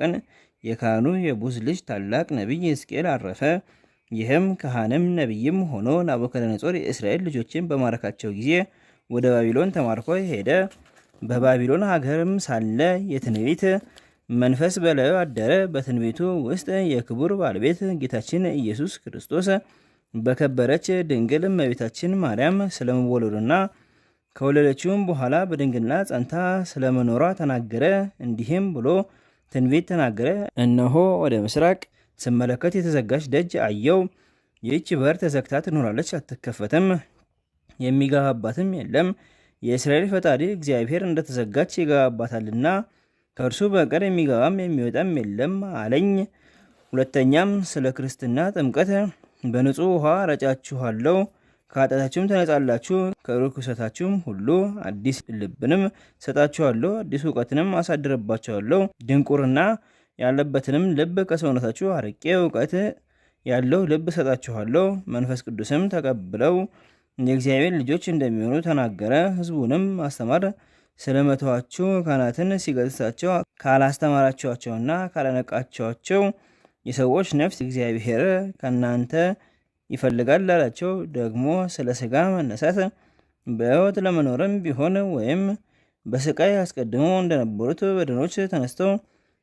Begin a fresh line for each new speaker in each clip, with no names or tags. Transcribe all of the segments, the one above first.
ቀን የካህኑ የቡዝ ልጅ ታላቅ ነቢይ ሕዝቅኤል አረፈ። ይህም ካህንም ነቢይም ሆኖ ናቡከደነጾር የእስራኤል ልጆችን በማረካቸው ጊዜ ወደ ባቢሎን ተማርኮ ሄደ። በባቢሎን ሀገርም ሳለ የትንቢት መንፈስ በላዩ አደረ። በትንቢቱ ውስጥ የክቡር ባለቤት ጌታችን ኢየሱስ ክርስቶስ በከበረች ድንግል እመቤታችን ማርያም ስለመወለዱና ከወለደችውም በኋላ በድንግልና ጸንታ ስለመኖሯ ተናገረ። እንዲህም ብሎ ትንቢት ተናገረ። እነሆ ወደ ምስራቅ ስመለከት የተዘጋች ደጅ አየው። ይህች በር ተዘግታ ትኖራለች፣ አትከፈትም፣ የሚገባባትም የለም። የእስራኤል ፈጣሪ እግዚአብሔር እንደተዘጋች ይገባባታልና ከእርሱ በቀር የሚገባም የሚወጣም የለም አለኝ። ሁለተኛም ስለ ክርስትና ጥምቀት በንጹሕ ውሃ ረጫችኋለው ከኃጢአታችሁም ተነጻላችሁ፣ ከርኩሰታችሁም ሁሉ አዲስ ልብንም ሰጣችኋለሁ፣ አዲስ እውቀትንም አሳድርባችኋለሁ። ድንቁርና ያለበትንም ልብ ከሰውነታችሁ አርቄ እውቀት ያለው ልብ ሰጣችኋለሁ። መንፈስ ቅዱስም ተቀብለው የእግዚአብሔር ልጆች እንደሚሆኑ ተናገረ። ህዝቡንም አስተማር። ስለመተዋችሁ ካህናትን ሲገስጻቸው ካላስተማራችኋቸውና ካላነቃችኋቸው የሰዎች ነፍስ እግዚአብሔር ከእናንተ ይፈልጋል ላላቸው ደግሞ ስለ ስጋ መነሳት በሕይወት ለመኖርም ቢሆን ወይም በስቃይ አስቀድሞ እንደነበሩት በደኖች ተነስተው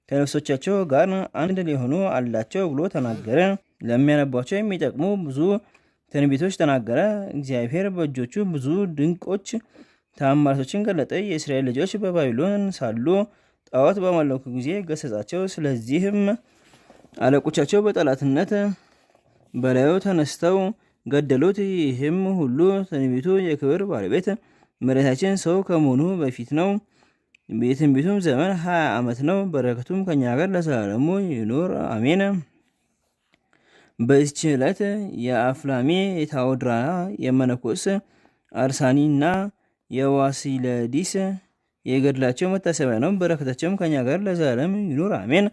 ከነፍሶቻቸው ጋር አንድ ሊሆኑ አላቸው ብሎ ተናገረ። ለሚያነቧቸው የሚጠቅሙ ብዙ ትንቢቶች ተናገረ። እግዚአብሔር በእጆቹ ብዙ ድንቆች ተአምራቶችን ገለጠ። የእስራኤል ልጆች በባቢሎን ሳሉ ጣዖት በማለኩ ጊዜ ገሰጻቸው። ስለዚህም አለቆቻቸው በጠላትነት በላዩ ተነስተው ገደሉት። ይህም ሁሉ ትንቢቱ የክብር ባለቤት መሬታችን ሰው ከመሆኑ በፊት ነው። የትንቢቱም ዘመን ሀያ ዓመት ነው። በረከቱም ከኛ ጋር ለዘላለሙ ይኑር አሜን። በዚች ዕለት የአፍላሜ የታወድራና የመነኮስ አርሳኒና የዋሲለዲስ የገድላቸው መታሰቢያ ነው። በረከታቸውም ከኛ ጋር ለዘላለም ይኑር አሜን።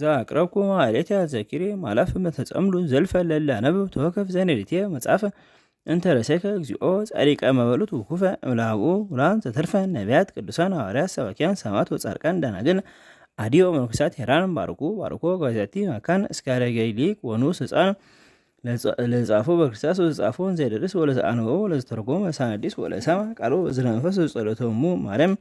ዘአቅረብኩ ማሕሌተ ዘኪሬ ማላፍ መተጸምዱ ዘልፈ ነብብ ተወከፍ ዘኔሪቴ መጽሐፈ እንተረሰከ እግዚኦ ጻዲቀ መበሉት ውኩፈ እምላብኡ ውላን ዘተርፈ ነቢያት ቅዱሳን ኣዋርያት ሰባኪያን ሰማት ወጻድቃን ደናግል አዲዮ መንኩሳት ሄራን ባርኩ ባርኮ ጓዛቲ መካን እስካደ ገሊቅ ወኑስ ህፃን ለጻፎ በክርስቶስ ወጻፎ ዘይደርስ ወለዝኣንበቡ ለዝተርጎሙ ሳናዲስ ወለሰማ ቃሉ ዝነንፈስ ጸሎቶሙ ማርያም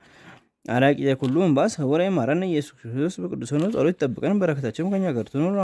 አላቂ የኩሉ እንባስ ህቡረ ይማረን ኢየሱስ ክርስቶስ በቅዱስ ሆኖ ጸሎት ይጠብቀን። በረከታችን ከኛ ጋር ትኑር።